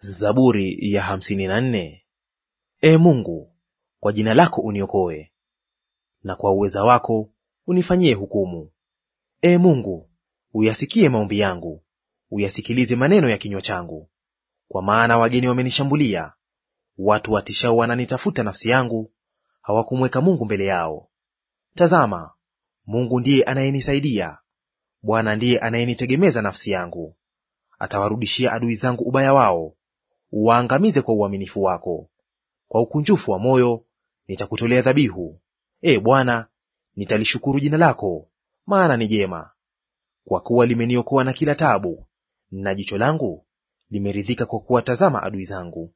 Zaburi ya hamsini na nne. E Mungu, kwa jina lako uniokoe, na kwa uweza wako unifanyie hukumu. E Mungu, uyasikie maombi yangu, uyasikilize maneno ya kinywa changu. Kwa maana wageni wamenishambulia, watu watishao wananitafuta nafsi yangu, hawakumweka Mungu mbele yao. Tazama, Mungu ndiye anayenisaidia, Bwana ndiye anayenitegemeza nafsi yangu. Atawarudishia adui zangu ubaya wao, uwaangamize kwa uaminifu wako. Kwa ukunjufu wa moyo nitakutolea dhabihu, e Bwana, nitalishukuru jina lako, maana ni jema. Kwa kuwa limeniokoa na kila tabu, na jicho langu limeridhika kwa kuwatazama adui zangu.